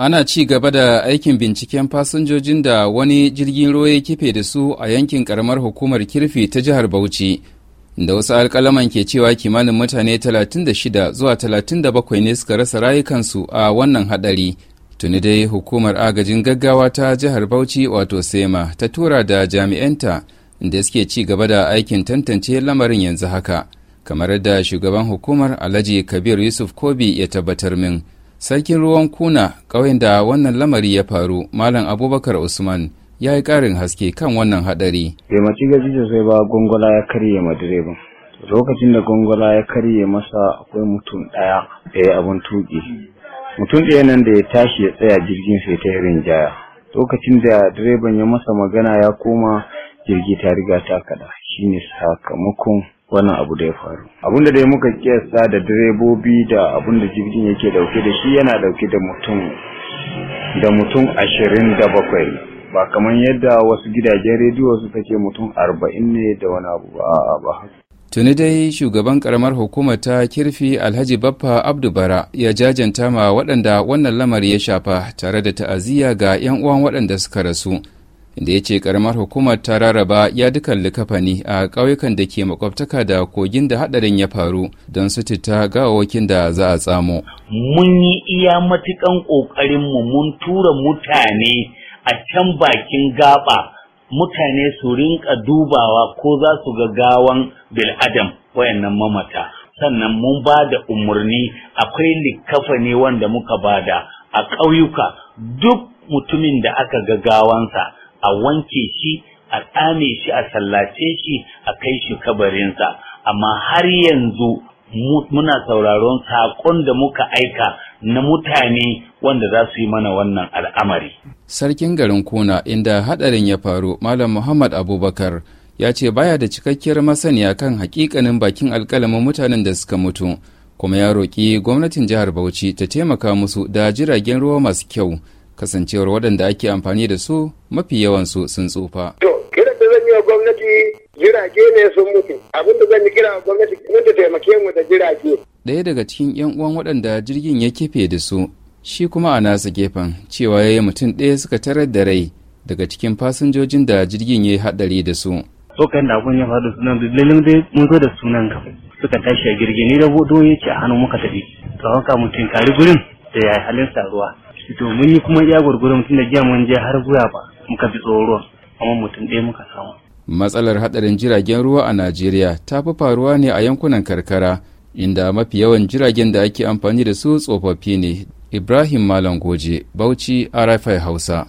ana ci gaba da aikin binciken fasinjojin da wani jirgin ruwa ya kife da su a yankin karamar hukumar kirfi ta jihar bauchi da wasu alkalaman ke cewa kimanin mutane 36 zuwa 37 ne suka rasa rayukansu a wannan hadari tuni dai hukumar agajin gaggawa ta jihar bauchi wato sema ta tura da jami'anta da suke ci gaba da aikin tantance lamarin yanzu haka kamar da shugaban hukumar alhaji kabir yusuf kobi ya tabbatar min sarkin ruwan kuna ƙauyen da wannan lamari ya faru malam abubakar usman ya yi ƙarin haske kan wannan haɗari. bai maci gaji sai ba gongola ya karye ma direban lokacin da gongola ya karye masa akwai mutum ɗaya da ya abin tuƙi mutum ɗaya nan da ya tashi ya tsaya jirgin sai ta irin jaya lokacin da direban ya masa magana ya koma jirgi ta riga ta kaɗa shine sakamakon wannan abu da ya faru abun da dai muka kiyasta da direbobi da abun da jirgin yake dauke da shi yana dauke da mutum da mutum ashirin da bakwai ba kamar yadda wasu gidajen rediyo su take mutum arba'in ne da wani abu ba tuni dai shugaban karamar hukumar ta kirfi alhaji baffa abdu bara ya jajanta ma waɗanda wannan lamari ya shafa tare da ta'aziyya ga 'yan uwan waɗanda suka rasu inda ya ce karamar hukumar ta raraba ya dukan likafani a ƙauyukan da ke makwabtaka da kogin da haɗarin ya faru don su ta gawawakin da za a tsamo. Mun yi iya matukan ƙoƙarinmu mun tura mutane a can bakin gaɓa mutane su rinƙa dubawa ko za su ga gawan bil'adam wayannan mamata sannan mun ba da umarni akwai likafani wanda muka bada a ƙauyuka duk mutumin da aka ga gawansa a wanke shi a tsame shi a sallace shi a kai shi kabarinsa amma har yanzu muna sauraron saƙon da muka aika na mutane wanda za su yi mana wannan al'amari. Sarkin garin Kuna inda haɗarin ya faru Malam Muhammad Abubakar ya ce baya da cikakkiyar masaniya kan hakikanin bakin alkalamin mutanen da suka mutu kuma ya roƙi gwamnatin jihar Bauchi ta taimaka musu da jiragen ruwa masu kyau kasancewar waɗanda ake amfani da su mafi yawansu sun tsufa. To, kira da zan yi wa gwamnati jirage ne sun mutu. Abin da zan yi kira wa gwamnati mun ta taimake mu da jirage. Ɗaya daga cikin 'yan uwan waɗanda jirgin ya kefe da su, shi kuma a nasa gefen cewa ya yi mutum ɗaya suka tarar da rai daga cikin fasinjojin da jirgin ya yi haɗari da su. Tsokan da abun ya faru sunan lalin dai mun zo da sunan ka. Suka tashi a jirgin ni da bodo ya ce a hannu muka tafi. Tsawon ka mutum kari gurin da ya halin saruwa. To ni kuma iya gurgurin mutum da giya mun je har zuwa ba. muka fi tsoron amma mutum ɗaya muka samu. matsalar hadarin jiragen ruwa a najeriya ta fi faruwa ne a yankunan karkara inda mafi yawan jiragen da ake amfani da su tsofaffi ne ibrahim malam goje bauchi rfi hausa